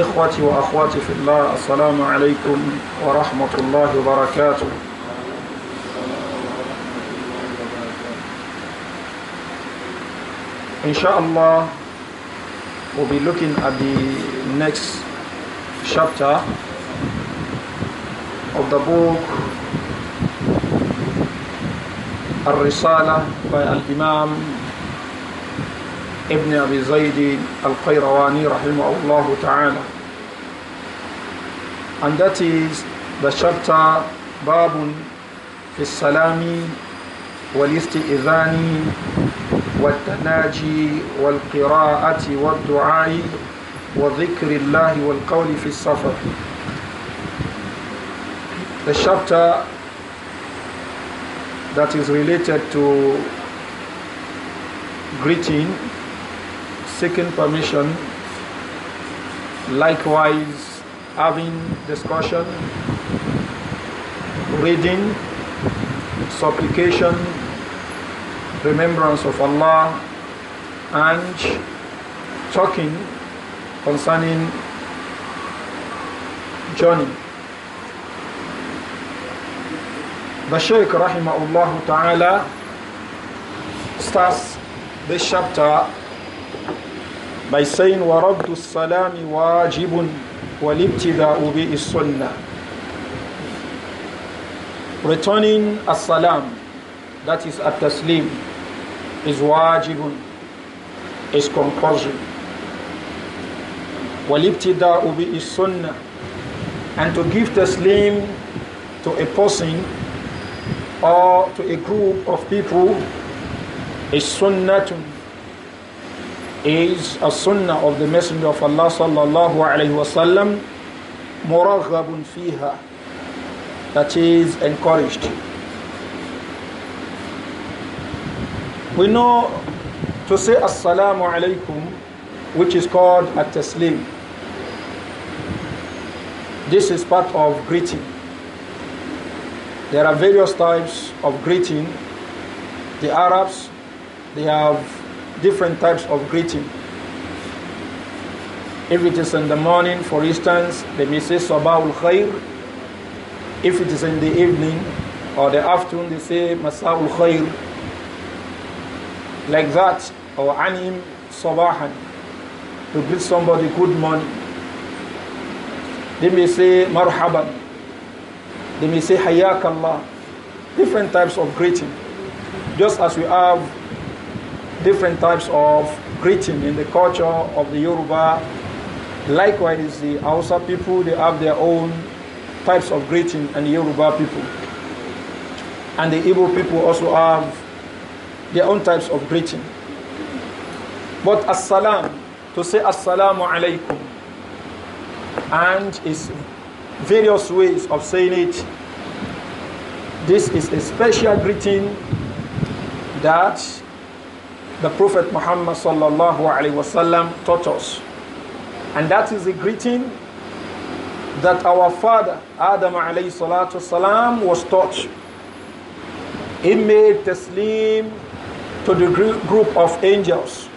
إخوتي وأخواتي في الله السلام عليكم ورحمة الله وبركاته Inshallah, we'll be looking at the next chapter of the book الرسالة risala by Al-Imam ابن أبي زيد القيرواني رحمه الله تعالى and that is the chapter باب في السلام والاستئذان والتناجي والقراءة والدعاء وذكر الله والقول في السفر The chapter that is related to greeting seeking permission, likewise having discussion, reading, supplication, remembrance of Allah, and talking concerning journey. The Shaykh Rahimahullah Ta'ala starts this chapter by saying وَرَبْدُ السَّلَامِ وَاجِبٌ وَالِبْتِدَاءُ sunnah Returning as-salam, that is at-taslim, is wajibun, is compulsory. وَالِبْتِدَاءُ sunnah And to give taslim to a person or to a group of people is sunnatun is a sunnah of the Messenger of Allah sallallahu alayhi wasallam muraghabun fiha that is encouraged. We know to say assalamu alaykum, which is called at-taslim. This is part of greeting. There are various types of greeting. The Arabs, they have different types of greeting. If it is in the morning, for instance, they may say Sabahul Khair. If it is in the evening or the afternoon, they say Masaul Khair. Like that, or Anim Sabahan, to greet somebody good morning. They may say Marhaban. They may say Hayak Allah. Different types of greeting. Just as we have different types of greeting in the culture of the Yoruba. Likewise, the Hausa people, they have their own types of greeting and the Yoruba people. And the Igbo people also have their own types of greeting. But assalam, to say assalamu alaikum, and is various ways of saying it, this is a special greeting that the Prophet Muhammad sallallahu alaihi wasallam taught us. And that is the greeting that our father Adam alayhi salatu salam was taught. He made taslim to the group of angels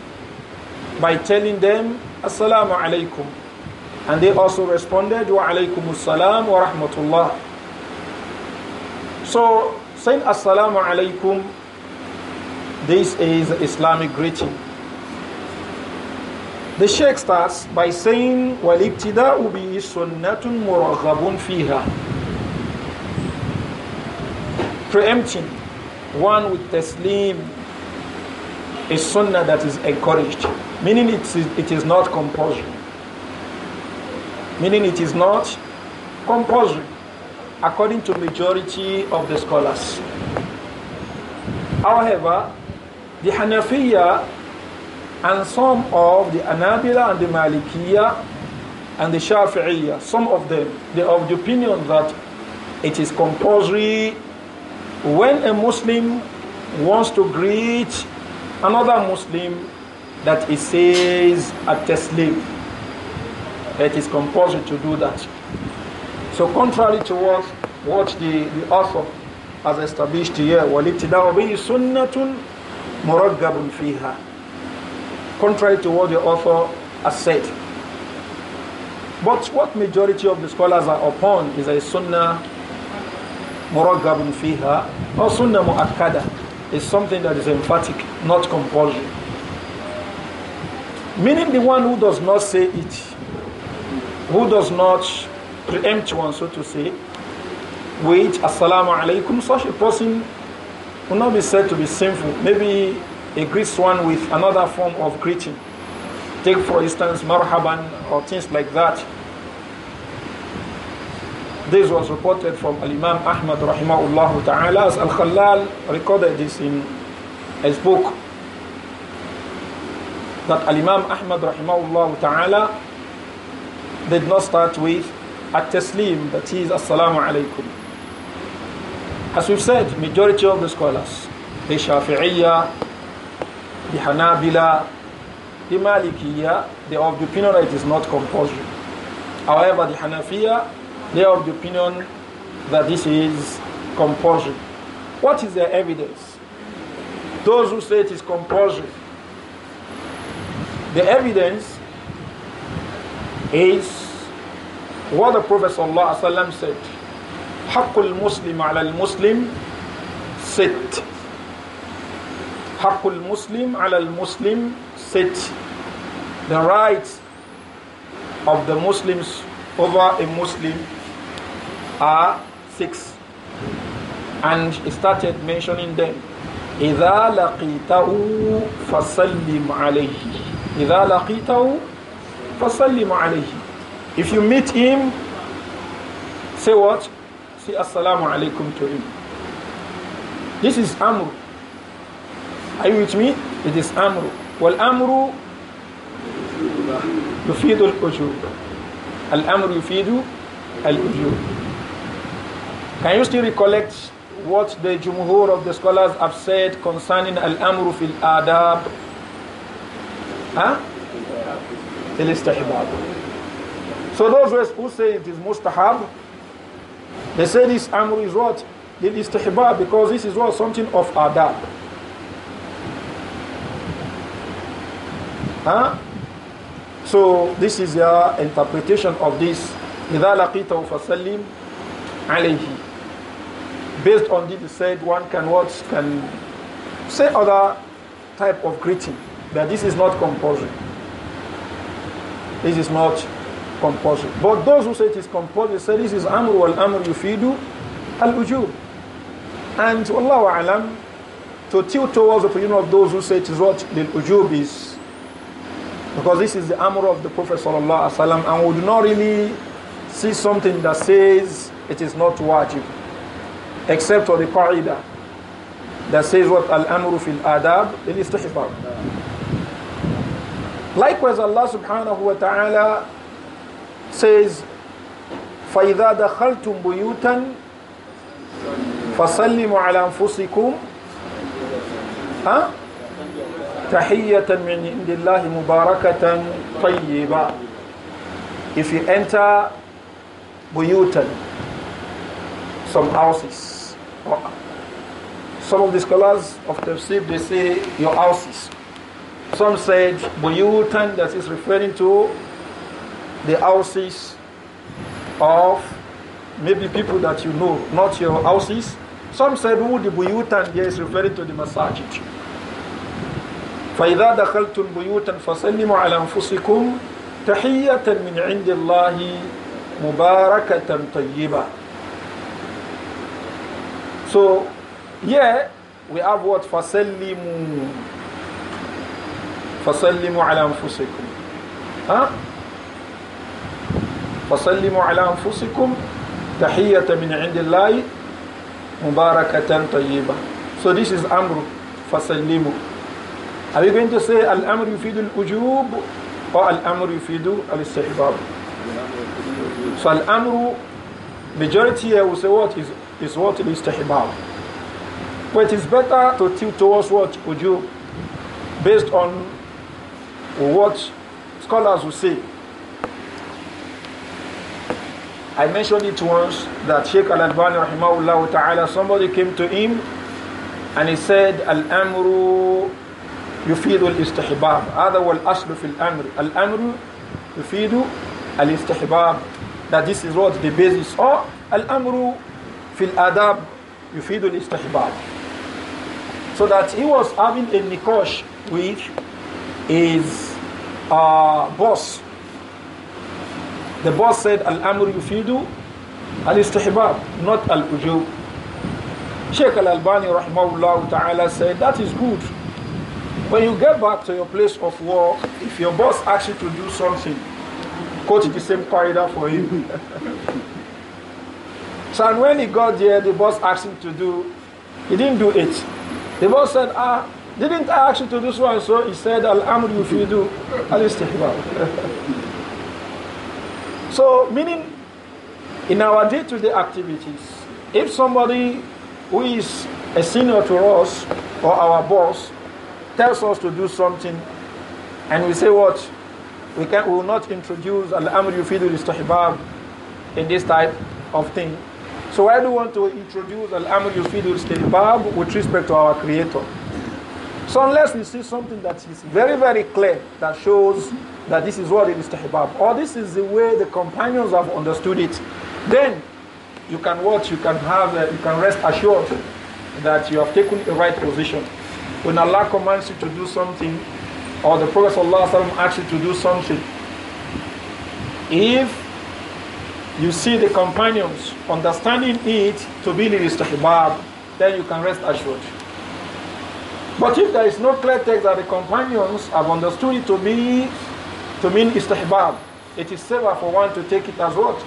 by telling them assalamu alaikum and they also responded wa alaikum assalam wa rahmatullah so saying assalamu alaikum this is Islamic greeting. The Sheikh starts by saying, وَالِبْتِدَاءُ بِهِ سُنَّةٌ مُرَغَّبٌ فِيهَا Preempting one with taslim is sunnah that is encouraged, meaning it is, it is not compulsory. Meaning it is not compulsory, according to majority of the scholars. However, the Hanafiya and some of the Anabila and the Malikiya and the Shafi'iyya, some of them, they are of the opinion that it is compulsory when a Muslim wants to greet another Muslim that he says at Taslim. It is compulsory to do that. So contrary to what, what the, the author has established here, وَلِبْتِدَاءُ بِهِ سُنَّةٌ muraggabun fiha. Contrary to what the author has said. But what majority of the scholars are upon is a sunnah muraggabun fiha or sunnah mu'akkada is something that is emphatic, not compulsory. Meaning the one who does not say it, who does not preempt one, so to say, with assalamu alaikum, such a person will not be said to be sinful. Maybe a greets one with another form of greeting. Take, for instance, marhaban or things like that. This was reported from Imam Ahmad rahimahullah ta'ala as Al Khalal recorded this in his book. That Al Imam Ahmad rahimahullah ta'ala did not start with at taslim, that is, Assalamu alaykum. As we've said, majority of the scholars, the Shafi'iyya, the Hanabila, the Malikiyya, they are of the opinion that it is not compulsory. However, the Hanafiya, they are of the opinion that this is compulsory. What is their evidence? Those who say it is compulsory, the evidence is what the Prophet ﷺ said. حق المسلم على المسلم ست حق المسلم على المسلم ست the rights of the Muslims over a Muslim are six and he started mentioning them إذا لقيته فسلم عليه إذا لقيته فسلم عليه if you meet him say what say assalamu alaikum to him. This is amru. Are you with me? It is amru. Well, amru al-ujub. Al-amru yufidu al الأجور Can you still recollect what the Jumhur of the scholars have said concerning Al-Amru fil Adab? Huh? So those who say it is mustahab, they say this amr is what? it is istihbab because this is what something of adab. Huh? So this is your interpretation of this. إذا لقيته فسلم عليه. Based on this, said one can what can say other type of greeting, but this is not compulsory. This is not compulsory. But those who say it is compulsory say this is amr wal amr yufidu al ujub. And Allah alam, to tilt towards the opinion of those who say it is what the ujub is, because this is the amr of the Prophet sallallahu alaihi wasallam, and we do not really see something that says it is not wajib, except for the qaida that says what al amru fil adab al istihbab. Likewise, Allah subhanahu wa ta'ala says, فَإِذَا دَخَلْتُمْ بُيُوتًا فَصَلِّمُوا عَلَى أَنفُسِكُمْ تَحِيَّةً مِنْ عِنْدِ اللَّهِ مُبَارَكَةً طَيِّبًا If you enter buyutan, some houses, some of the scholars of Tafsir, they say your houses. Some said buyutan, that is referring to the houses of maybe people that you know, not your houses. Some said who the buyutan here is referring to the masajid. فإذا دخلتم بيوتا فسلموا على أنفسكم تحية من عند الله مباركة So here we have what فسلموا فسلموا على أنفسكم. Huh? فسلموا على أنفسكم تحية من عند الله مباركة طيبة so this is أمر فسلموا are you going to say الأمر يفيد الأجوب أو الأمر يفيد الاستحباب so الأمر majority here will say what is, is what الاستحباب but it's better to tilt towards what وجوب based on what scholars will say I mentioned it once that Sheikh Al Albani rahimahullah ta'ala somebody came to him and he said al amru you yufidu al istihbab hadha wal asl fi al amr al amru you yufidu al istihbab that this is what the basis of al amru fi al adab yufidu al istihbab so that he was having a nikosh with his uh, boss the boss said, Al Amr Yufidu, Al Istihbab, not Al Ujub. Sheikh Al Albani ta'ala said, That is good. When you get back to your place of work, if your boss asks you to do something, quote the same corridor for him. so when he got there, the boss asked him to do, he didn't do it. The boss said, Ah, didn't I ask you to do so and so? He said, Al Amr Yufidu, Al Istihbab. So, meaning in our day to day activities, if somebody who is a senior to us or our boss tells us to do something and we say what we can we will not introduce al amr yufidu in this type of thing so why do we want to introduce al amr yufidu with respect to our creator so unless we see something that is very, very clear that shows that this is what it is tahbab, or this is the way the companions have understood it, then you can watch, you can have, uh, you can rest assured that you have taken the right position. When Allah commands you to do something, or the Prophet ﷺ asks you to do something, if you see the companions understanding it to be istihbab, then you can rest assured. But if there is no clear text that the companions have understood it to be to mean istihbab, it is safer for one to take it as what?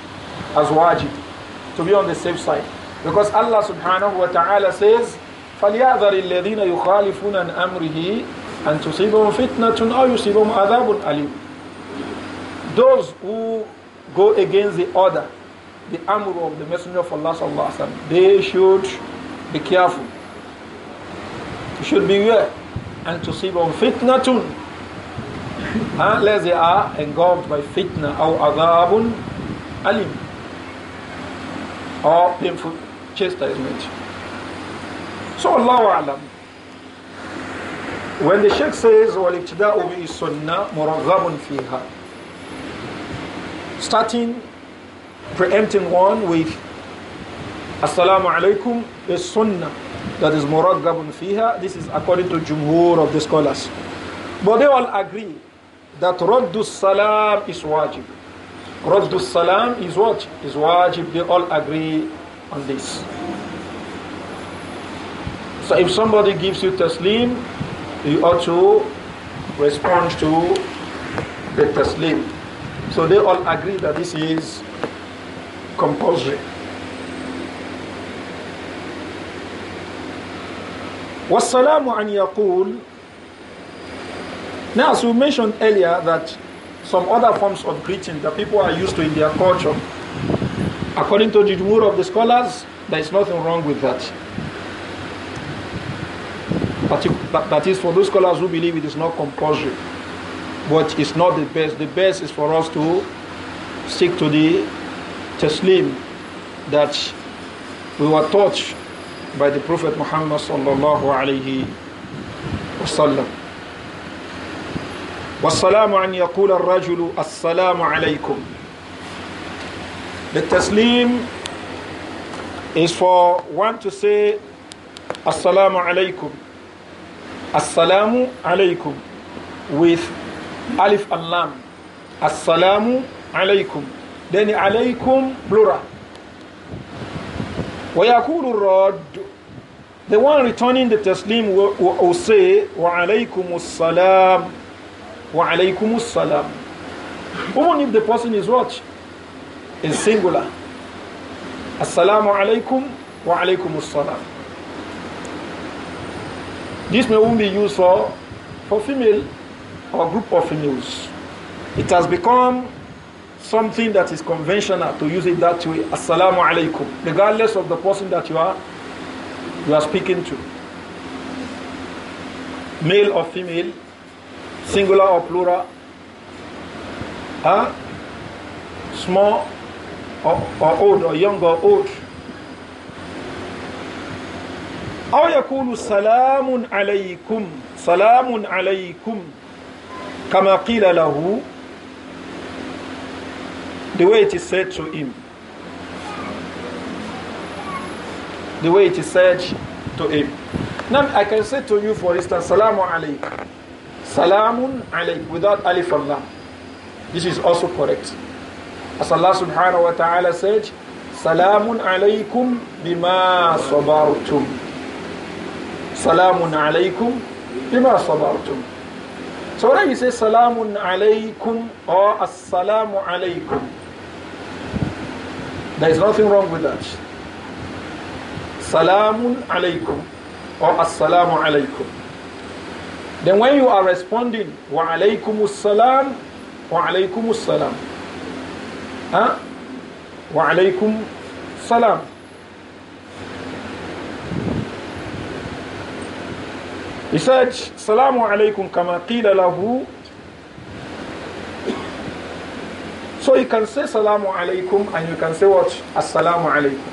As wajib, to be on the safe side. Because Allah subhanahu wa ta'ala says, فَلْيَعْذَرِ الَّذِينَ يُخَالِفُونَ عَنْ أَمْرِهِ أَنْ تُصِيبَهُمْ فِتْنَةٌ أَوْ يُصِيبَهُمْ عَذَابٌ أَلِيمٌ Those who go against the order, the amr of the Messenger of Allah sallallahu alaihi wasallam, they should be careful. You should beware. And to see on fitnatun. Unless they are engulfed by fitna or adabun alim. Or painful chastisement. So Allah alam. When the Sheikh says وَالِابْتِدَاءُ بِإِسُنَّةِ مُرَغَّبٌ fiha," Starting, preempting one with Assalamu alaikum is sunnah that is muraggabun fiha. This is according to jumhur of the scholars. But they all agree that raddu salam is wajib. Raddu salam is what? Is wajib. They all agree on this. So if somebody gives you taslim, you ought to respond to the taslim. So they all agree that this is compulsory. وَالسَّلَامُ أَنْ Now, as we mentioned earlier, that some other forms of greeting that people are used to in their culture, according to the rule of the scholars, there is nothing wrong with that. But that is for those scholars who believe it is not compulsory, but it's not the best. The best is for us to stick to the taslim that we were taught by the Prophet Muhammad sallallahu alayhi wasallam. والسلام أن يقول الرجل السلام عليكم The taslim is for one to say Assalamu alaikum. Assalamu alaikum with alif and lam. Assalamu alaikum. Then alaikum plural. وَيَقُولُ الرَّدُّ The one returning the taslim will, will say, وَعَلَيْكُمُ السَّلَامُ وَعَلَيْكُمُ السَّلَامُ Even if the person is in singular. Assalamu alaykum wa alaikum assalam. This may only be used for, for female or group of females. It has become something that is conventional to use it that way. Assalamu alaikum. Regardless of the person that you are you are speaking to. Male or female, singular or plural, huh? small or, or old or young or old. أو يقول سلام عليكم سلام عليكم كما قيل له the way it is said to him. The way it is said to him. Now I can say to you, for instance, Salamu alayk. Salamun alayk without alif and lam. This is also correct. As Allah subhanahu wa ta'ala said, Salamun alaykum bima sabartum. Salamun alaykum bima sabartum. So when you say salamun alaykum or assalamu alaykum, there is nothing wrong with that. Salamun alaykum or assalamu alaykum. Then when you are responding, wa alaykum salam, wa alaykum assalam. Huh? Wa alaykum salam. He said, Salamu alaykum kama qila lahu So you can say Salamu Alaikum and you can say what? Assalamu Alaikum.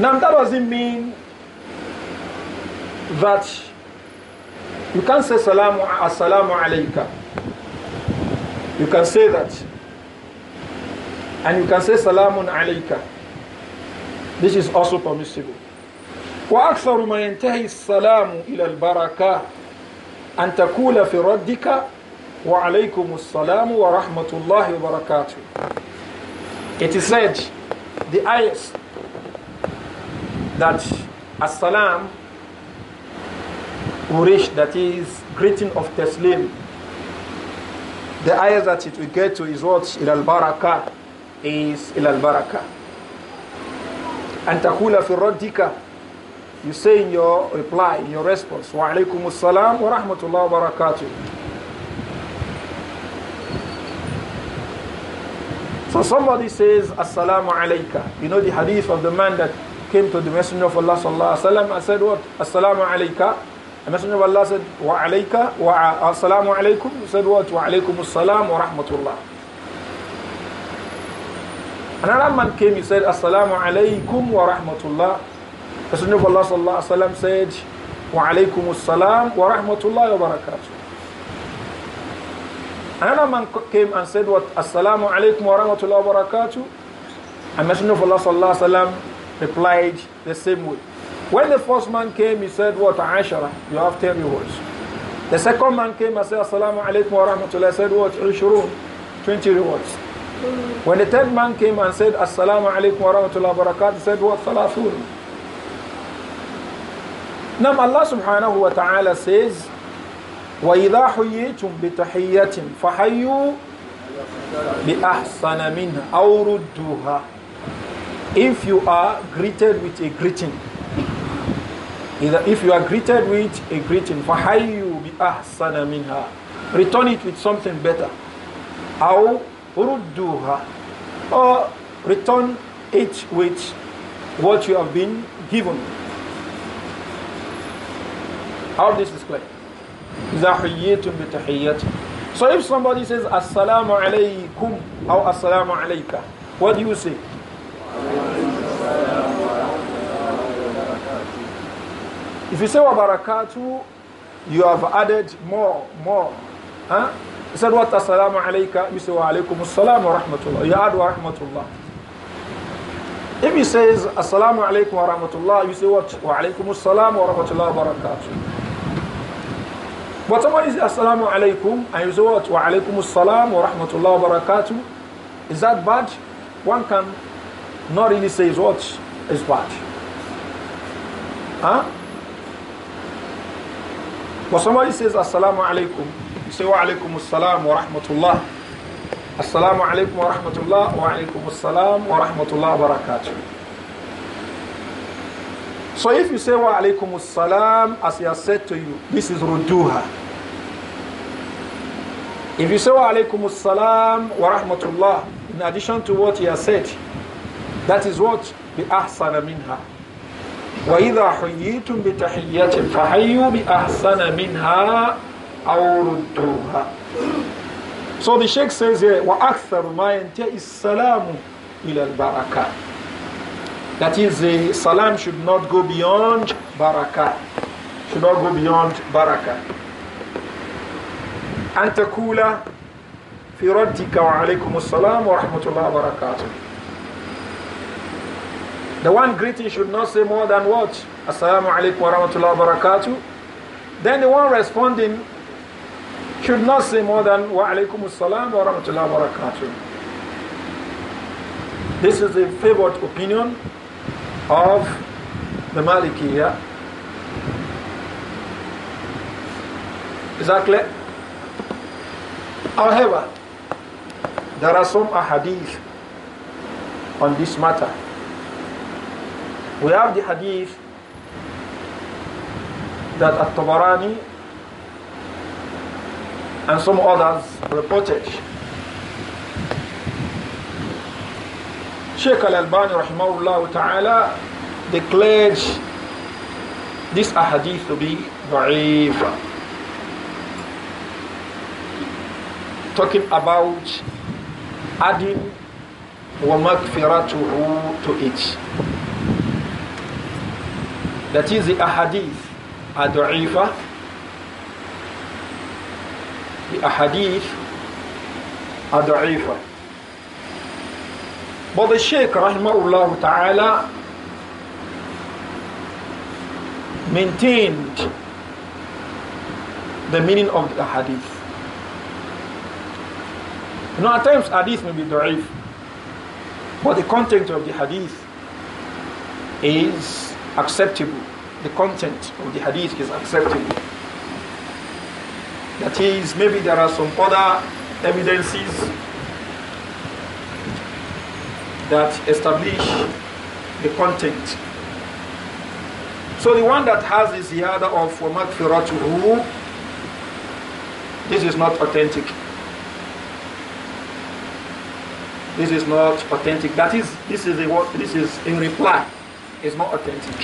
Now that doesn't mean that you can not say Salamu Assalamu Alaika. You can say that. And you can say Salamu alaykum." This is also permissible. وأكثر ما ينتهي السلام إلى البركة أن تقول في ردك وعليكم السلام ورحمة الله وبركاته. It is said, the ayahs, that as-salam urish, that is greeting of taslim. The ayah that it will get to is what? Ilal baraka is ilal baraka. أن تقول في ردك you say in your reply in your response وعليكم السلام ورحمة الله وبركاته So somebody says, Assalamu alayka. You know the hadith of the man that came to the Messenger of Allah sallallahu alayhi wa sallam and said what? Assalamu alayka. The Messenger of Allah said, Wa alayka, wa assalamu alaykum. He said what? Wa alaykum assalam wa rahmatullah. Another man came, he said, Assalamu alaykum wa rahmatullah. The Messenger of Allah sallallahu alayhi wa sallam said, Wa alaykum assalam wa rahmatullah wa barakatuh. Another man came and said, What? Assalamu alaikum wa rahmatullahi wa barakatuh. And Messenger of Allah sallallahu alayhi wa replied the same way. When the first man came, he said, What? Ashara, you have 10 rewards. The second man came and said, Assalamu alaikum wa rahmatullahi. said, What? Ushurun, 20 rewards. When the third man came and said, Assalamu alaikum wa rahmatullahi wa barakatuh, said, What? Thalathun. Now Allah subhanahu wa ta'ala says, وَإِذَا حُيِّيتُمْ بِتَحِيَّةٍ فَحَيُّوا بِأَحْسَنَ مِنْهَا أَوْ رُدُّوهَا If you are greeted with a greeting, if you are greeted with a greeting, فَحَيُّوا بِأَحْسَنَ مِنْهَا Return it with something better. أَوْ رُدُّوهَا Or return it with what you have been given. How this is clear. ذَحِيَّةٌ بِتَحِيَّةٍ So if somebody says, Assalamu alaykum or Assalamu alayka, what do you say? If you say wa barakatuh, you have added more, more. Huh? You said what assalamu alayka, you say wa alaykum assalam wa rahmatullah. You add wa rahmatullah. If he says assalamu alaykum wa rahmatullah, you say what? Wa alaykum assalam wa rahmatullah wa barakatuh. But someone is Assalamu alaikum and you say what? Wa alaikum assalam wa rahmatullah wa barakatuh. Is that bad? One can not really say is what is bad. Huh? But somebody says Assalamu alaikum. You say wa alaikum assalam wa rahmatullah. Assalamu alaikum wa rahmatullah wa alaikum assalam wa rahmatullah wa barakatuh. So if you say wa alaikum assalam as he has said to you, this is ruduha. If you say wa alaykum salam wa rahmatullah, in addition to what he has said, that is what bi ahsana minha. وإذا idha huyitum bi بأحسن منها أو ردوها. So the Sheikh says here, wa aktharu ma yantahi salamu ila al-barakah. That is, the salam should not go beyond barakah. Should not go beyond barakah. أن تقول في ردك وعليكم السلام ورحمة الله وبركاته The one greeting should not say more than what? Assalamu alaikum wa rahmatullahi wa barakatuh. Then the one responding should not say more than wa alaikum assalam wa rahmatullahi wa barakatuh. This is the favorite opinion of the Malikiya. Is that clear? However, there are some ahadith on this matter. We have the hadith that At-Tabarani and some others reported. Sheikh Al-Albani rahimahullah ta'ala declared this ahadith to be da'if. talking about adding wa makfiratuhu to it. That is the ahadith adu'ifa. The ahadith adu'ifa. But the Shaykh rahimahullah ta'ala maintained the meaning of the hadith. Now at times hadith may be da'if. But the content of the hadith is acceptable. The content of the hadith is acceptable. That is, maybe there are some other evidences that establish the content. So the one that has this ziyada of وَمَكْفِرَتُهُ this is not authentic. This is not authentic. That is, this is, a, this is in reply. It's not authentic.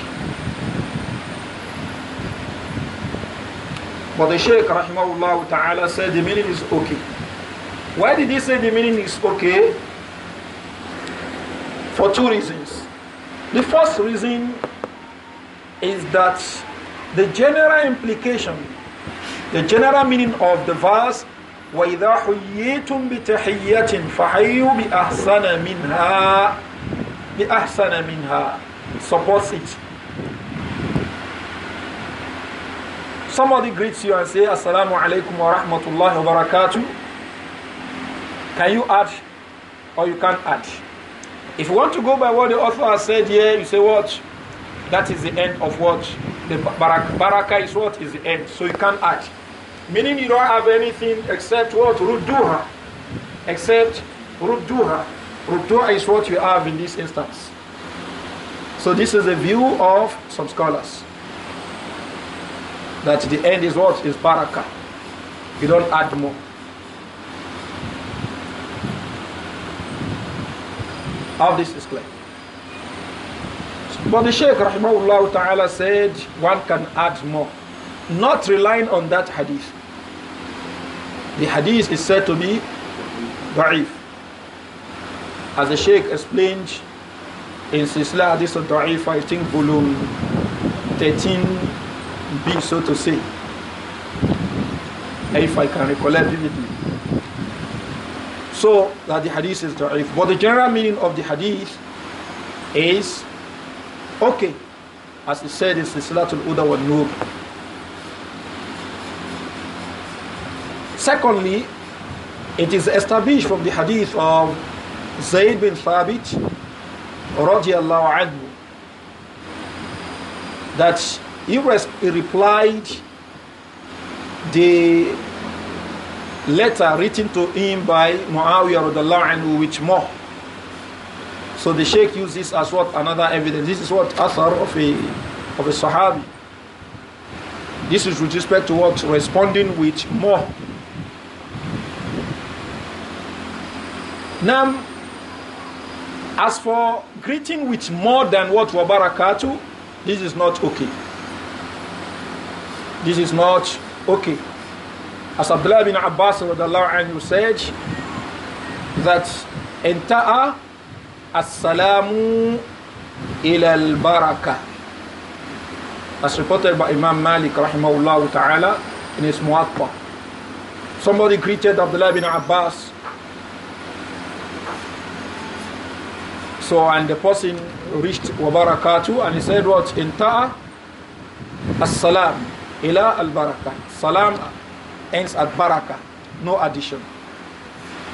But the Sheikh rahimahullah ta'ala said the meaning is okay. Why did he say the meaning is okay? For two reasons. The first reason is that the general implication, the general meaning of the verse وإذا حييتم بتحية فحيوا بأحسن منها بأحسن منها supports it somebody greets you and say assalamu alaikum wa rahmatullahi wa barakatuh can you add or you can't add if you want to go by what the author has said here you say what that is the end of what the baraka, baraka is what is the end so you can't add Meaning you don't have anything except what? Rudduha. Except Rudduha. Rudduha is what you have in this instance. So this is the view of some scholars. That the end is what? Is baraka. You don't add more. All this is clear. But the Shaykh Rahimahullah Ta'ala said one can add more. Not relying on that hadith the hadith is said to be da'if. As the Sheikh explained in Sisla Hadith of Da'if, I think volume 13b, so to say, if I can recollect vividly. So that the hadith is da'if. But the general meaning of the hadith is okay, as he said in Sislatul Uda wa Nur Secondly, it is established from the hadith of Zayd bin Thabit radiallahu anhu that he, he replied the letter written to him by Muawiyah radiallahu anhu with more. So the Sheikh used this as what another evidence. This is what asar of a of a Sahabi. This is with respect to what responding with more Now, as for greeting with more than what wabarakatuh, this is not okay. This is not okay. As Abdullah bin Abbas anhu said, that enta'a as-salamu ila al-baraka. As reported by Imam Malik rahimahullah ta'ala in his Muwatta. Somebody greeted Abdullah bin Abbas So, and the person reached Wabarakatu and he said, What? Inta'a as salam ila al baraka. Salam ends at baraka, no addition.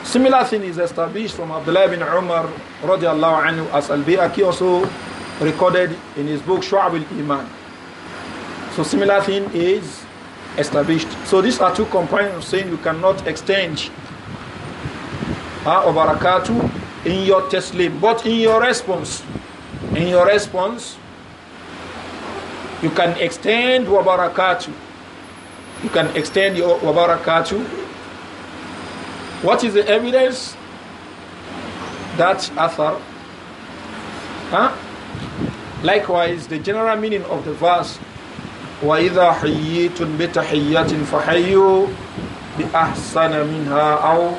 Similar thing is established from Abdullah bin Umar radiallahu anhu as al Bi'aki also recorded in his book Shu'ab al Iman. So, similar thing is established. So, these are two companions saying you cannot exchange. Ah, barakatu in your testimony, but in your response. In your response, you can extend wa You can extend your wa What is the evidence? That athar. Huh? Likewise, the general meaning of the verse وإذا حييتم بتحية فحيوا بأحسن منها أو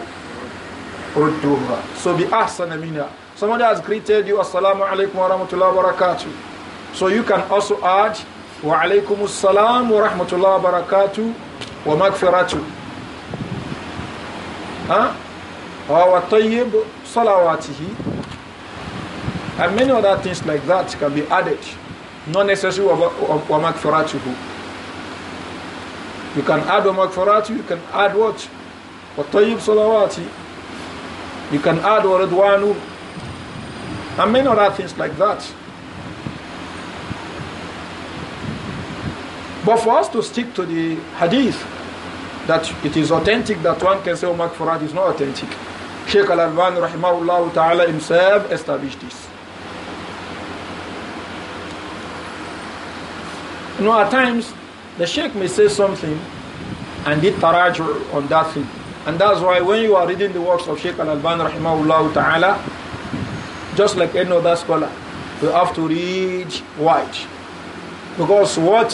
so be ahsan minha. Somebody has greeted you, Assalamu alaikum wa rahmatullahi wa barakatuh. So you can also add, Wa alaikum assalam wa rahmatullahi wa barakatuh wa magfiratuh. Huh? Wa tayyib salawatihi. And many other things like that can be added. Not necessarily wa magfiratuhu. You can add wa magfiratuhu, you can add what? Wa tayyib salawati. You can add one, and many other things like that. But for us to stick to the hadith that it is authentic, that one can say Omar oh, Farad is not authentic. Sheikh Al Alban rahimahullah ta'ala himself established this. You know, at times the Sheikh may say something and did tarajur on that thing. And that's why when you are reading the works of Sheikh Al-Albani rahimahullah ta'ala, just like any other scholar, you have to read wide. Because what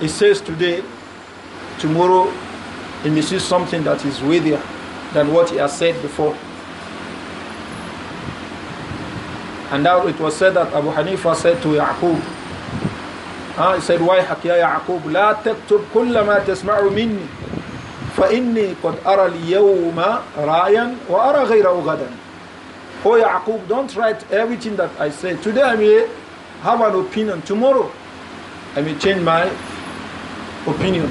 he says today, tomorrow he may see something that is weightier than what he has said before. And now it was said that Abu Hanifa said to Yaqub, huh? he said, Why Hakia Yaqub, لا تكتب كل ما تسمع مني فإني قد أرى اليوم رأيا وأرى غيره غدا Oh Yaqub, don't write everything that I say. Today I may have an opinion. Tomorrow I may change my opinion.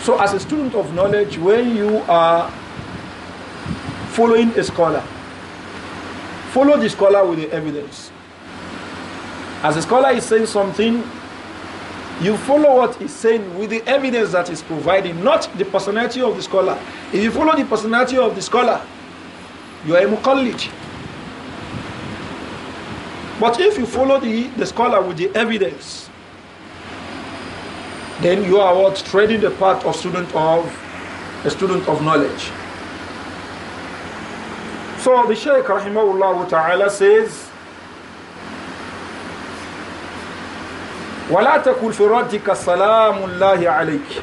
So as a student of knowledge, when you are following a scholar, follow the scholar with the evidence. As a scholar is saying something, you follow what he's saying with the evidence that he's providing, not the personality of the scholar. If you follow the personality of the scholar, you are a muqallid. But if you follow the, the scholar with the evidence, then you are what treading the path of student of a student of knowledge. So the Shaykh rahimahullah ta'ala says وَلَا فِي رَدِّكَ سَلَامُ اللَّهِ عَلَيْكِ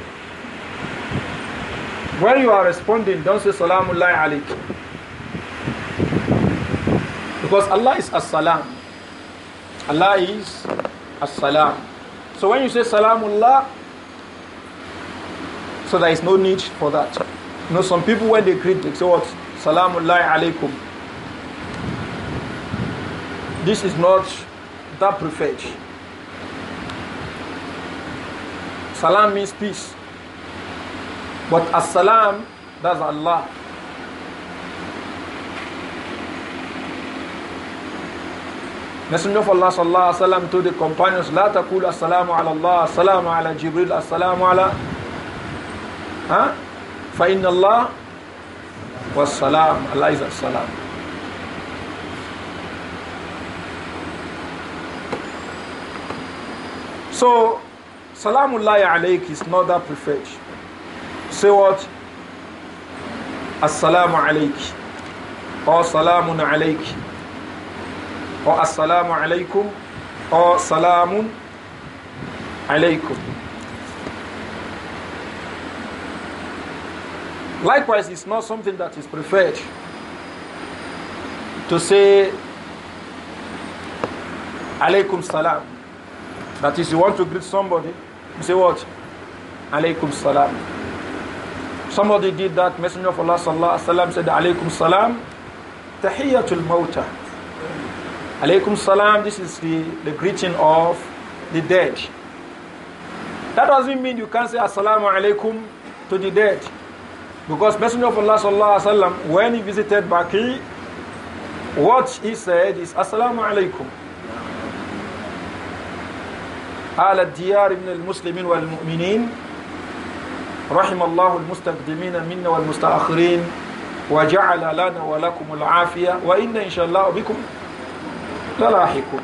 When you are responding, don't say سَلَامُ اللَّهِ عَلَيْكِ Because Allah is as-salam. Allah is as-salam. So when you say Salamullah, so there is no need for that. You know, some people when they greet, they say what? Salamullah alaikum. This is not that preferred. Salam means peace. But as-salam, that's Allah. Messenger of Allah sallallahu alaihi wasallam to the companions, لا تقول السلام على الله, السلام على جبريل, السلام على ها؟ فإن الله والسلام Allah is السلام So Salamullahi alayk is not that preferred. Say what? Assalamu alayk. Or salamun alayk. Or assalamu alaykum. Or salamun alaykum. Likewise, it's not something that is preferred to say alaykum salam. That is, you want to greet somebody, you say what? Alaykum salam. Somebody did that. Messenger of Allah sallallahu alaihi wasallam said alaykum salam. Tahiyatul mawta. Alaykum salam. This is the, the greeting of the dead. That doesn't mean you can't say assalamu alaykum to the dead. Because Messenger of Allah sallallahu alaihi wasallam, when he visited Baqi, what he said is assalamu alaykum. آل الديار من المسلمين والمؤمنين رحم الله المستقدمين منا والمستأخرين وجعل لنا ولكم العافية وإن إن شاء الله بكم للاحقون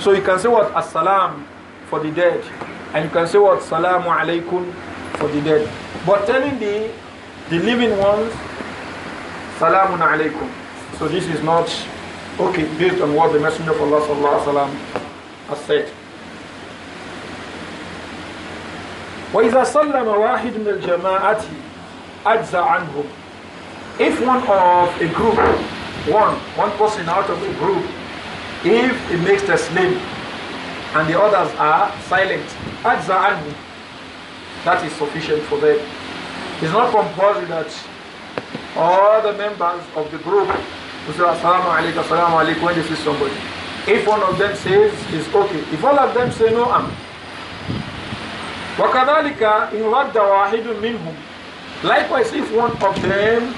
So you can say what assalam for the dead and you can say what salamu alaykum for the dead but telling the the living ones salamun alaykum so this is not okay based on what the messenger of Allah has said وَإِذَا سَلَّمَ وَاحِدٌ مِنَ الْجَمَاعَةِ If one of a group, one, one person out of a group, if it makes taslim and the others are silent, That is sufficient for them. It's not compulsory that all the members of the group who say assalamu alaikum, assalamu alaikum when they see somebody. If one of them says it's okay, if all of them say no, I'm وَكَذَلِكَ إِنْ رَدَّ وَاحِدٌ مِّنْهُمْ Likewise, if one of them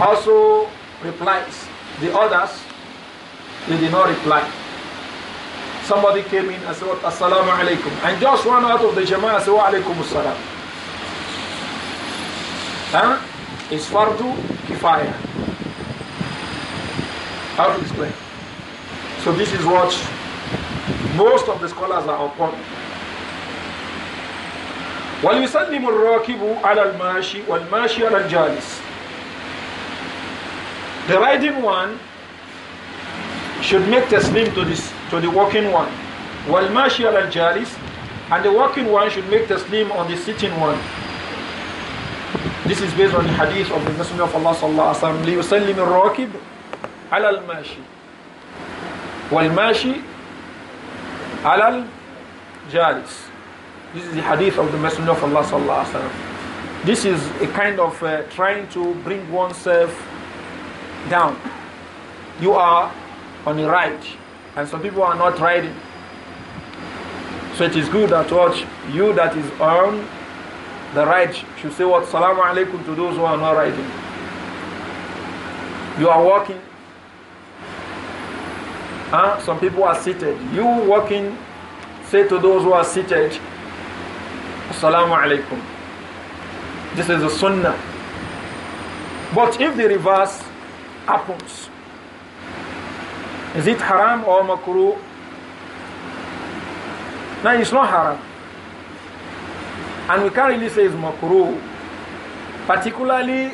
also replies, the others, they did not reply. Somebody came in and said, Assalamu alaikum. And just one out of the jama'ah said, Wa alaikum assalam. Huh? It's fardu kifaya. How to explain? So this is what most of the scholars are upon. ويسلم الراكب على الماشي والماشي على الجالس The riding one should make taslim to, this, to the walking one والماشي على الجالس and the walking one should make taslim on the sitting one This is based on the hadith of the Messenger of Allah صلى sallallahu alaihi wasallam ليسلم الراكب على الماشي والماشي على الجالس this is the hadith of the Messenger of Allah sallallahu alaihi wasallam. This is a kind of uh, trying to bring oneself down. You are on the right, and some people are not riding. So it is good that watch you that is on the right. should say what salamu alaikum to those who are not riding. You are walking. Huh? Some people are seated. You walking, say to those who are seated, Assalamu alaikum. This is a sunnah. But if the reverse happens, is it haram or makruh? Now it's not haram. And we can't really say it's makruh. Particularly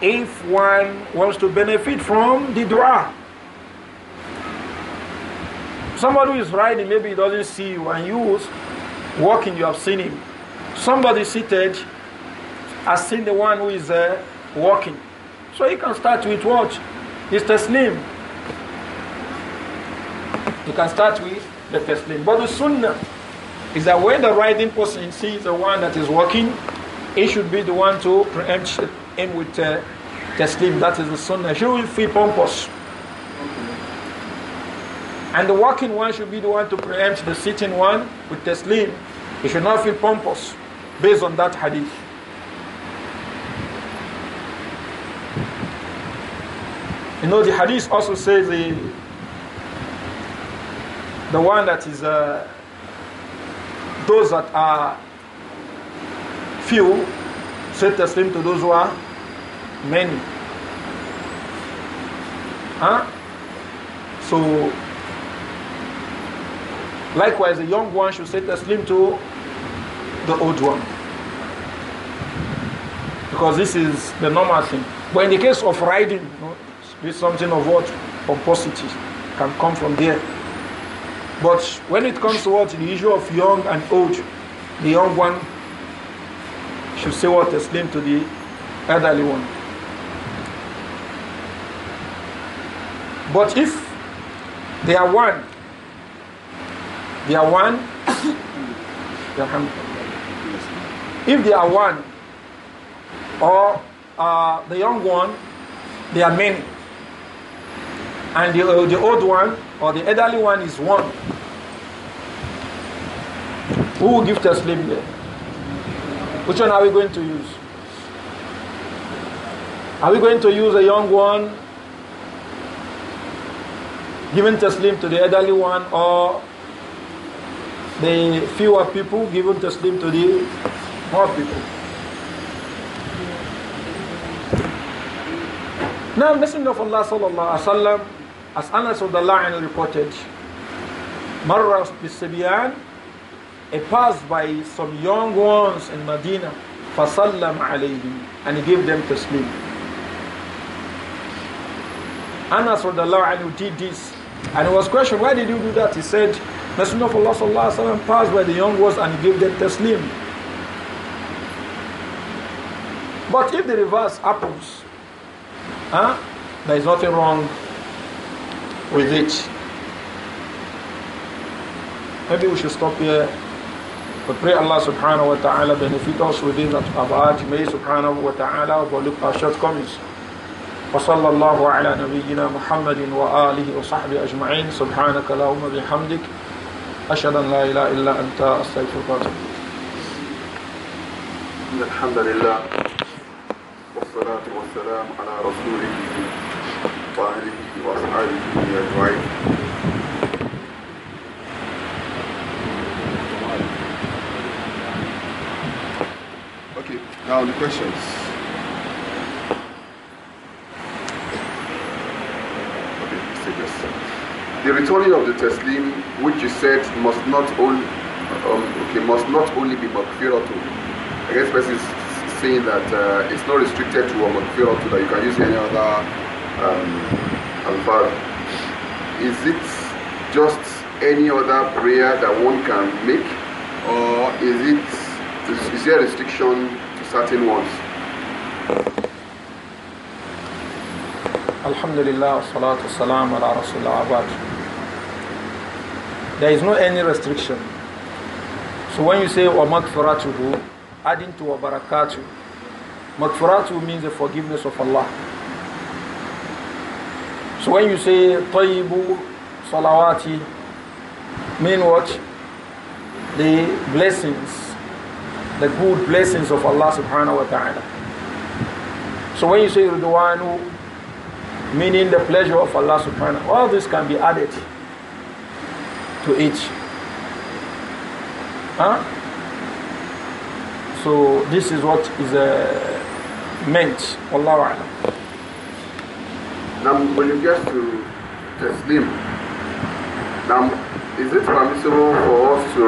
if one wants to benefit from the dua. Somebody who is riding, maybe he doesn't see you, and you walking, you have seen him somebody seated has seen the one who is uh, walking. So he can start with what? His taslim. You can start with the taslim. But the sunnah is that when the riding person sees the one that is walking, he should be the one to preempt him with uh, taslim. That is the sunnah. he will feel pompous. And the walking one should be the one to preempt the sitting one with taslim. He should not feel pompous based on that hadith. You know, the hadith also says the, the one that is uh, those that are few set the taslim to those who are many. Huh? So, likewise, the young one should set the slim to the old one. Because this is the normal thing. But in the case of riding, you know, something of what? Pomposity can come from there. But when it comes to what the issue of young and old, the young one should say what is linked to the elderly one. But if they are one, they are one, they are if they are one, or uh, the young one, they are many. And the, uh, the old one, or the elderly one, is one. Who will give taslim there? Which one are we going to use? Are we going to use a young one giving taslim to the elderly one or the fewer people giving taslim to the more people. Now, Messenger of Allah sallallahu alaihi wasallam, as Anas of the Lion reported, Marra Bisabiyan, a passed by some young ones in Medina, Fasallam alayhi, and he gave them taslim. Anas of the Lion did this, and he was questioned, why did you do that? He said, Messenger of Allah sallallahu alaihi wasallam passed by the young ones and he gave them taslim. But if the reverse happens, huh, there is nothing wrong with it. Maybe we should stop here. But pray Allah subhanahu wa ta'ala benefit us with this that have had. May subhanahu wa ta'ala overlook our shortcomings. وصلى الله على نبينا محمد وآله وصحبه أجمعين سبحانك اللهم بحمدك أشهد أن لا إله إلا أنت أستغفرك وأتوب إن الحمد لله والصلاة والسلام على رسوله وأصحابه أجمعين Okay, now the questions. Okay, the returning of the Taslim, which you said must not only um, okay, must not only be makfiratu. I guess verses saying that uh, it's not restricted to homophil or that you can use any other um, Is it just any other prayer that one can make, or is it is, is there a restriction to certain ones? Alhamdulillah, salatu salam ala rasulullah abad. There is no any restriction. So when you say wa makfaratuhu, adding to wa barakatuh. means the forgiveness of Allah. So when you say tayyibu salawati, mean what? The blessings, the good blessings of Allah subhanahu wa ta'ala. So when you say ridwanu, meaning the pleasure of Allah subhanahu wa all this can be added to each. Huh? So this is what is uh, meant. Wallahu alam. Now, when you get to Taslim, now is it permissible for us to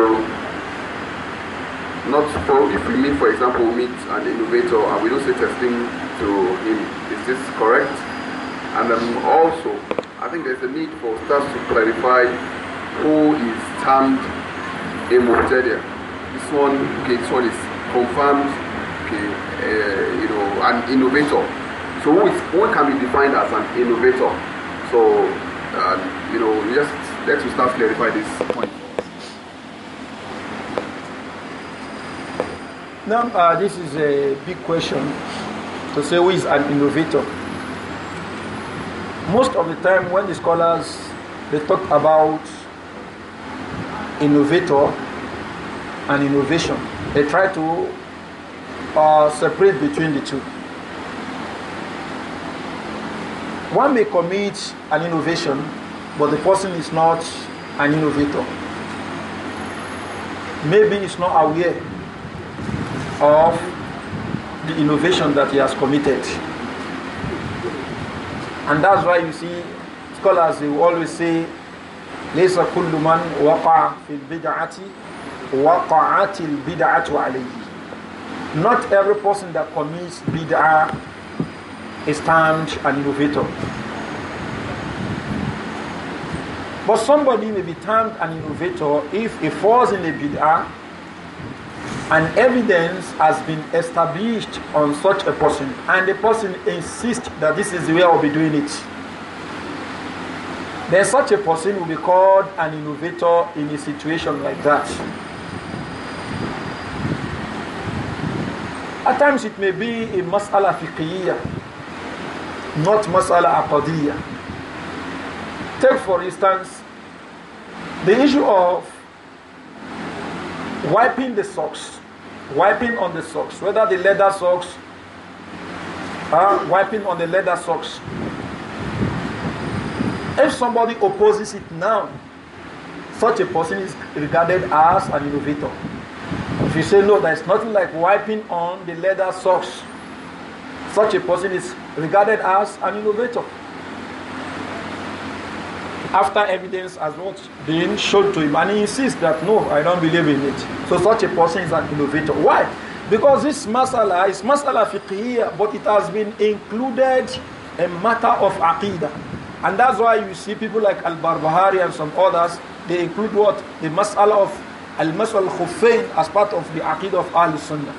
not for if we meet, for example, meet an innovator and we don't say testing to him. Is this correct? And um, also, I think there's a need for us to clarify who is termed a Mubtadiya. This one, okay, this one is confirms okay, uh, you know, an innovator. So who, is, who can be defined as an innovator? So, um, you know, just let's start clarify this point. Now, uh, this is a big question to say who is an innovator. Most of the time, when the scholars they talk about innovator and innovation, they try to uh, separate between the two. One may commit an innovation, but the person is not an innovator. Maybe he's not aware of the innovation that he has committed. And that's why you see scholars they always say, وَقَعَتِ الْبِدْعَةُ عَلَيْهِ Not every person that commits bid'ah is termed an innovator. But somebody may be termed an innovator if he falls in a bid'ah and evidence has been established on such a person and the person insists that this is the way I'll be doing it then such a person will be called an innovator in a situation like that. At times it may be a mas'ala fiqhiyya, not mas'ala aqadiyya. Take for instance, the issue of wiping the socks, wiping on the socks, whether the leather socks, uh, wiping on the leather socks. If somebody opposes it now, such a person is regarded as an innovator. If you say, no, there's nothing like wiping on the leather socks, such a person is regarded as an innovator. After evidence has not been shown to him, and he insists that no, I don't believe in it. So such a person is an innovator. Why? Because this masala is masala fiqhiyya, but it has been included a matter of aqidah. And that's why you see people like Al-Barbahari and some others, they include what? The masala of al-mas'al khuffain as part of the aqidah of Ahl Sunnah.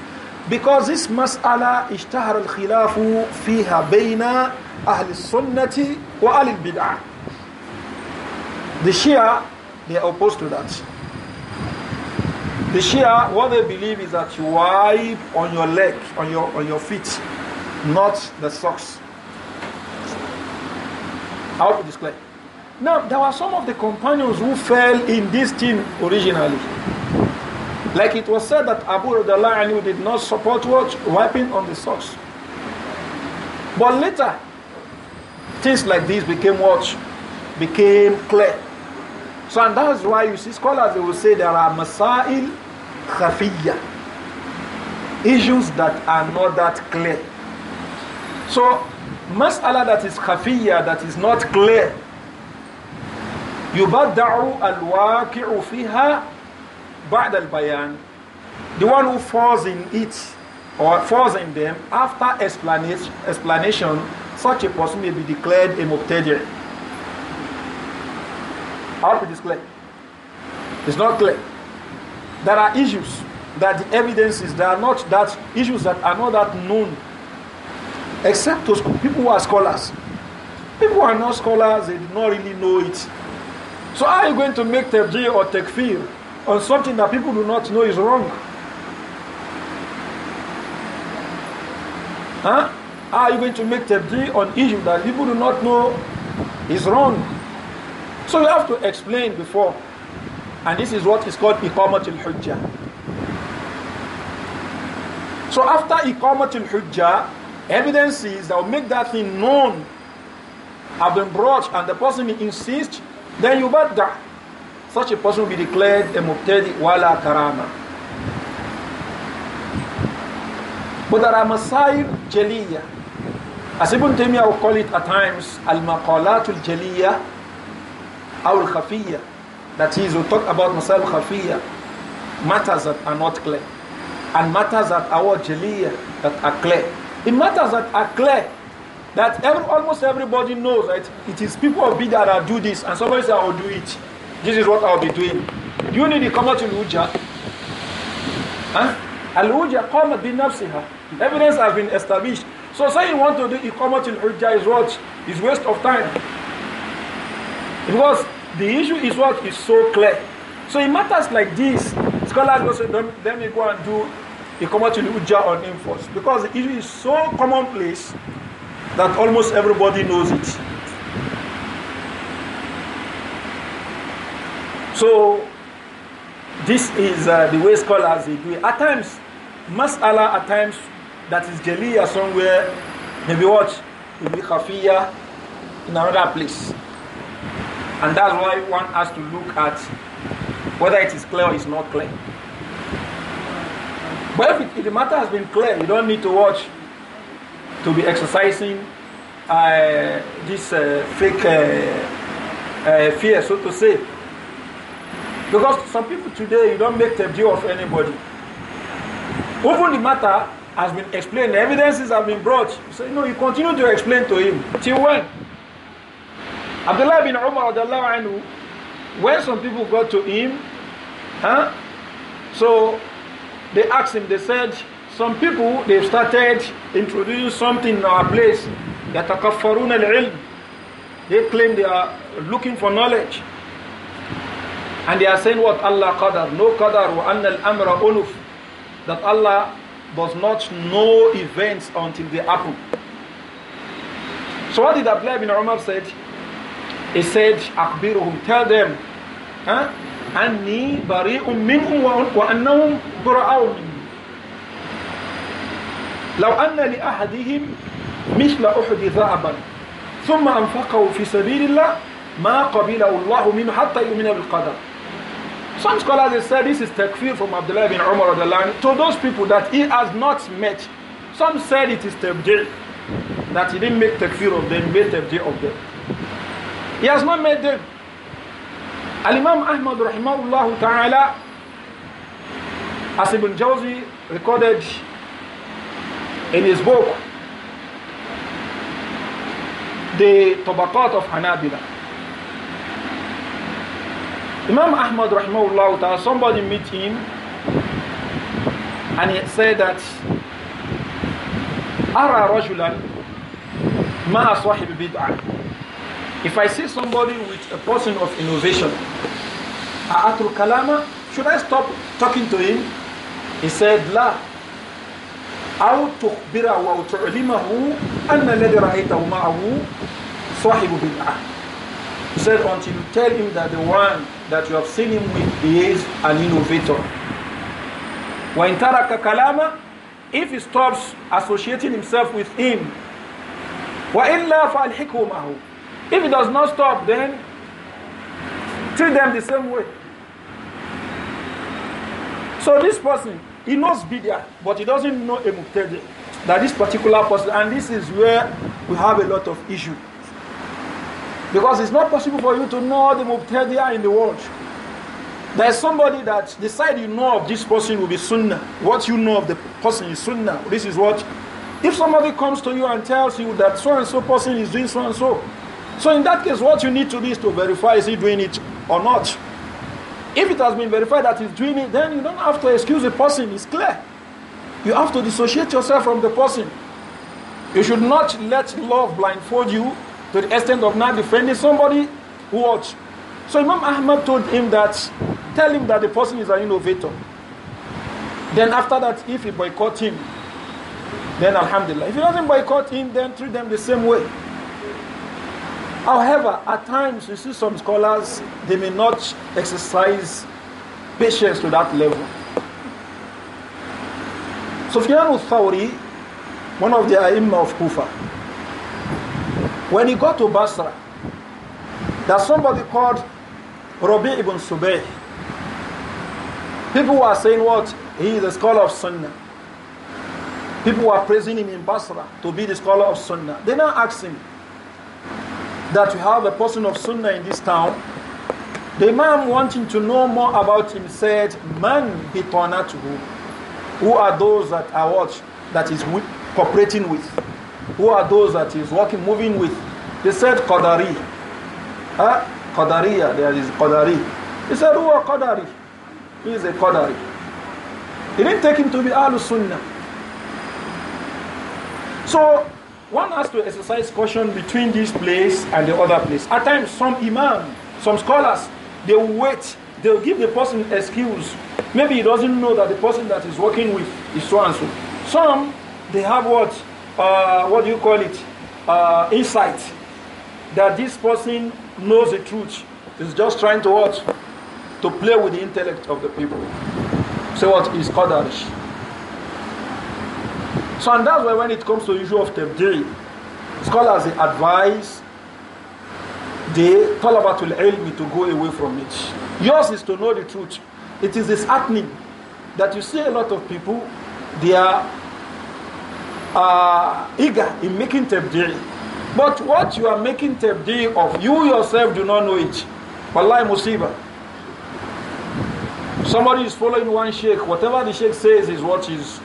Because this mas'ala ishtahar al-khilafu fiha bayna Ahl Sunnati wa al Bid'ah. The Shia, they are opposed to that. The Shia, what they believe is that you wipe on your leg, on your, on your feet, not the socks. I hope it is clear. Now, there were some of the companions who fell in this team originally. Like it was said that Abu Radallahu did not support what? Wiping on the socks. But later, things like this became what? Became clear. So, and that's why you see scholars, they will say there are masail khafiyya. Issues that are not that clear. So, masala that is khafiyya, that is not clear, al الواقع fiha, بعد البيان the one who falls in it or falls in them after explanation, explanation such a person may be declared a mubtadi how it is clear it's not clear there are issues that the evidences there are not that issues that are not that known except those people who are scholars people who are not scholars they do not really know it so how are you going to make tabjih or takfir on something that people do not know is wrong? Huh? How are you going to make tabjih on Egypt that people do not know is wrong? So you have to explain before. And this is what is called Iqamat al-Hujjah. So after Iqamat al-Hujjah, evidences that will make that thing known have been brought and the person insists then you badda. Such a person will be declared a mubtadi wala karama. But there are masayib jaliyah. As Ibn Taymiyyah will call it at times, al-maqalatul jaliyah al-khafiyah. That is, we talk about masayib khafiyah, matters that are not clear. And matters that are jaliyah, that are clear. The matters that are clear, that every, almost everybody knows that it is people of Bidah that do this, and somebody say I will do it. This is what I will be doing. Do you need to come out to Luja? Huh? Al-Hujjah qamat bi nafsiha. Evidence has been established. So saying you want to do Iqamat al ujja is what? Is waste of time. Because the issue is what is so clear. So in matters like this, scholars will say, let me go and do Iqamat al ujja on him first. Because the issue is so commonplace that almost everybody knows it. So, this is uh, the way scholars they do it. At times, mas'ala at times that is jaliya somewhere, maybe what? Maybe khafiya in another place. And that's why one has to look at whether it is clear or it's not clear. But if, it, if the matter has been clear, you don't need to watch to be exercising uh, this uh, fake uh, uh, fear, so to say. Because some people today, you don't make the deal of anybody. Even the matter has been explained, the evidences have been brought. So, you know, you continue to explain to him. Till when? Abdullah bin Umar, anhu, when some people got to him, huh? so they asked him, they said, some people, they've started introducing something in our place. that al ilm. They claim they are looking for knowledge. And they are saying what Allah qadar, no qadar, wa anna al-amra unuf. That Allah does not know events until they happen. So what did Abdullah bin Umar said? He said, akbiruhum. tell them, huh? أني بريء wa وأنهم براء لو أن لأحدهم مثل أحد ذهبا ثم أنفقه في سبيل الله ما قبله الله منه حتى يؤمن بالقدر Some scholars have said this is takfir from Abdullah bin Umar to those people that he has not met. Some said it is tabdi' that he didn't make takfir of them, he made tabdi' of them. He has not met them. Al-Imam Ahmad rahimahullah ta'ala as Ibn Jawzi recorded in his book, The Tabaqat of Hanabila. Imam Ahmad rahimahullah ta'ala, somebody met him and he said that Ara rajulan ma sahib bid'ah if I see somebody with a person of innovation, A'atul Kalama, should I stop talking to him? He said, La, أو تخبره أو تعلمه أن الذي رأيته معه صاحب بدعة He said until you tell him that the one that you have seen him with is an innovator وإن ترك كلامه if he stops associating himself with him وإلا فالحكه معه if he does not stop then treat them the same way so this person he knows Bidia, but he doesn't know a That this particular person, and this is where we have a lot of issues, Because it's not possible for you to know the Muqtadiya in the world. There's somebody that the side you know of this person will be Sunnah. What you know of the person is Sunnah. This is what. If somebody comes to you and tells you that so and so person is doing so and so, so in that case, what you need to do is to verify is he doing it or not. If it has been verified that he's doing it, then you don't have to excuse the person, it's clear. You have to dissociate yourself from the person. You should not let love blindfold you to the extent of not defending somebody who watch. So Imam Ahmad told him that, tell him that the person is an innovator. Then after that, if he boycott him, then Alhamdulillah. If he doesn't boycott him, then treat them the same way. However, at times we see some scholars, they may not exercise patience to that level. Sufyan al-Thawri, one of the Aimma of Kufa, when he got to Basra, there's somebody called Rabi ibn Subayh. People were saying what? He is a scholar of Sunnah. People were praising him in Basra to be the scholar of Sunnah. They now asked him, that we have a person of Sunnah in this town. The Imam wanting to know more about him said, Man bitonatuhu. Who are those that are what? That is with, cooperating with? Who are those that is working, moving with? They said Qadari. Huh? Qadariya, there is Qadari. He said, Who are Qadari? He is a Qadari. He didn't take him to be all Sunnah. So one has to exercise caution between this place and the other place. At times, some imam, some scholars, they will wait, they will give the person excuse. Maybe he doesn't know that the person that he's working with is so and so. Some, they have what, uh, what do you call it, uh, insight that this person knows the truth. He's just trying to what? To play with the intellect of the people. So what is Qadarish? So, and that's why when it comes to issue of tabdi', scholars they advise the talabatul ilm to go away from it. Yours is to know the truth. It is this happening that you see a lot of people, they are uh, eager in making tabdi'. But what you are making tabdi' of, you yourself do not know it. Wallahi musibah. Somebody is following one sheikh. Whatever the sheikh says is what is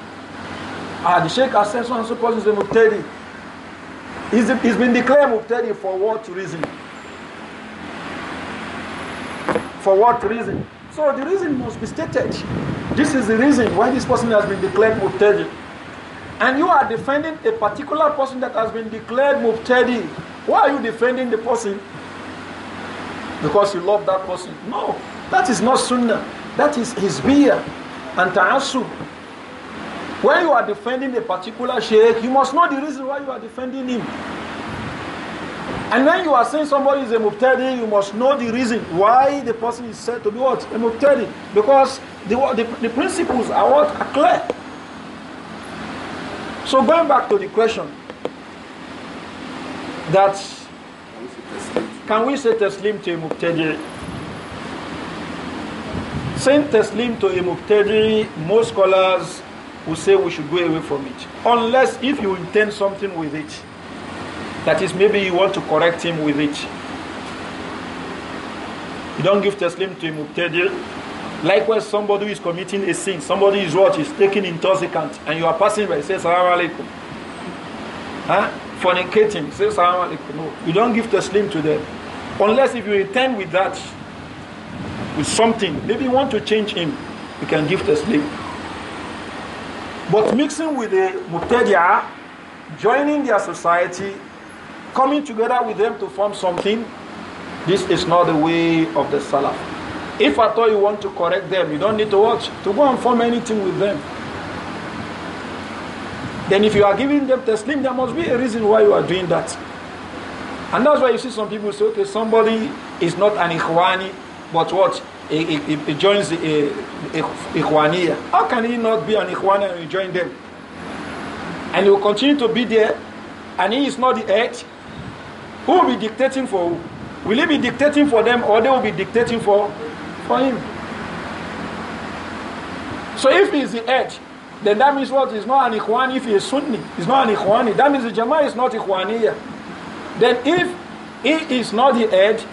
Ah, the Sheikh has said so and so person is a Muqtadi. He's, he's been declared Muqtadi for what reason? For what reason? So the reason must be stated. This is the reason why this person has been declared Muqtadi. And you are defending a particular person that has been declared Muqtadi. Why are you defending the person? Because you love that person. No, that is not Sunnah. That is his beer and ta'asub when you are defending a particular sheikh, you must know the reason why you are defending him. And when you are saying somebody is a muftadi, you must know the reason why the person is said to be what? A muftadi. Because the, the, the principles are what? Are clear. So going back to the question that can we say taslim to a muftadi? Saying taslim to a muftadi, most scholars who say we should go away from it. Unless if you intend something with it. That is, maybe you want to correct him with it. You don't give taslim to him mubtadi. Likewise, somebody who is committing a sin, somebody is what is taking intoxicant, and you are passing by, say salam alaikum. Huh? Fornicating, say salam alaikum. No, you don't give taslim to them. Unless if you intend with that, with something, maybe you want to change him, you can give taslim. But mixing with the Mubtadi'ah, joining their society, coming together with them to form something, this is not the way of the Salaf. If at all you want to correct them, you don't need to watch, to go and form anything with them. Then if you are giving them Taslim, there must be a reason why you are doing that. And that's why you see some people say, okay, somebody is not an Ikhwani, but what? he, he, joins the Ikhwaniyah. How can he not be an Ikhwan and join them? And he will continue to be there, and he is not the head. Who will be dictating for who? Will he be dictating for them, or they will be dictating for, for him? So if he is the head, then that means what? He's not an Ikhwani if he is Sunni. He's not an Ikhwani. That means the Jama'ah is not Ikhwaniyah. Then if he is not the head,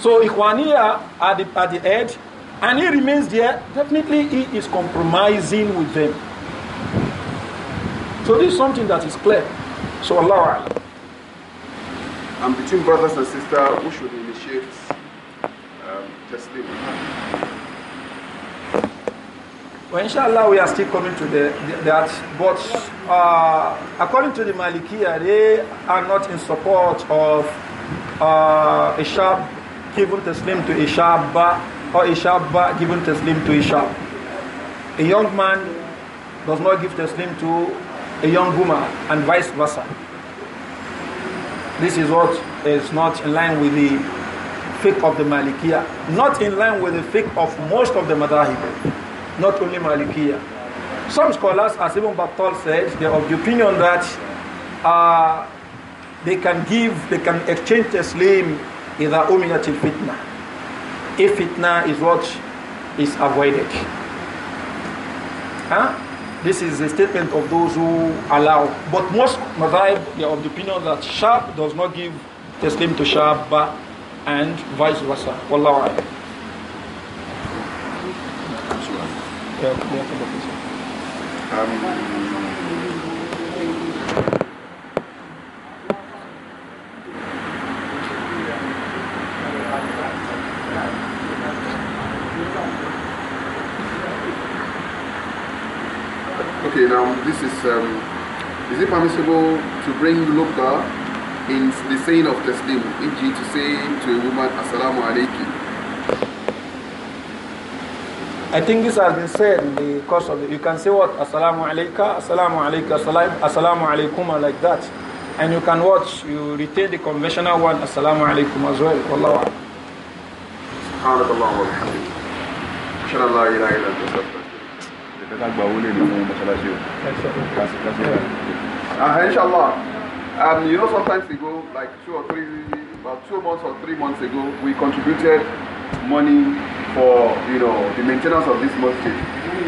so Ikhwaniya at the, at the edge, and he remains there, definitely he is compromising with them. So this is something that is clear. So Allah. And between brothers and sisters, who should initiate um, Taslim? Well, inshallah, we are still coming to the, the that. But uh, according to the Malikiya, they are not in support of uh, a sharp given taslim to a or a shabba given taslim to a A young man does not give taslim to a young woman and vice versa. This is what is not in line with the fiqh of the Malikiya, not in line with the fiqh of most of the madahib, not only Malikiya. Some scholars, as Ibn Battal says, they are of the opinion that uh, they can give, they can exchange Taslim إِذَا أُمِنَتِ الْفِتْنَةِ If fitna is what is avoided. Huh? This is a statement of those who allow. But most madhab are of the opinion that sharp does not give taslim to sharp and vice versa. Wallahu a'lam. um, um, is it permissible to bring lubga in the saying of taslim, e.g. to say to a woman, Assalamu alaikum? I think this has been said in the course of it. you can say what, Assalamu alaikum," Assalamu alaikum," Assalamu alaikum, like that. And you can watch, you retain the conventional one, Assalamu alaikum as well. Wallahu a'lam. سبحانك اللهم ká ah, inshallah um, you know sometimes ago like two or three about two months or three months ago we contributed money for you know the maintenance of this mosque.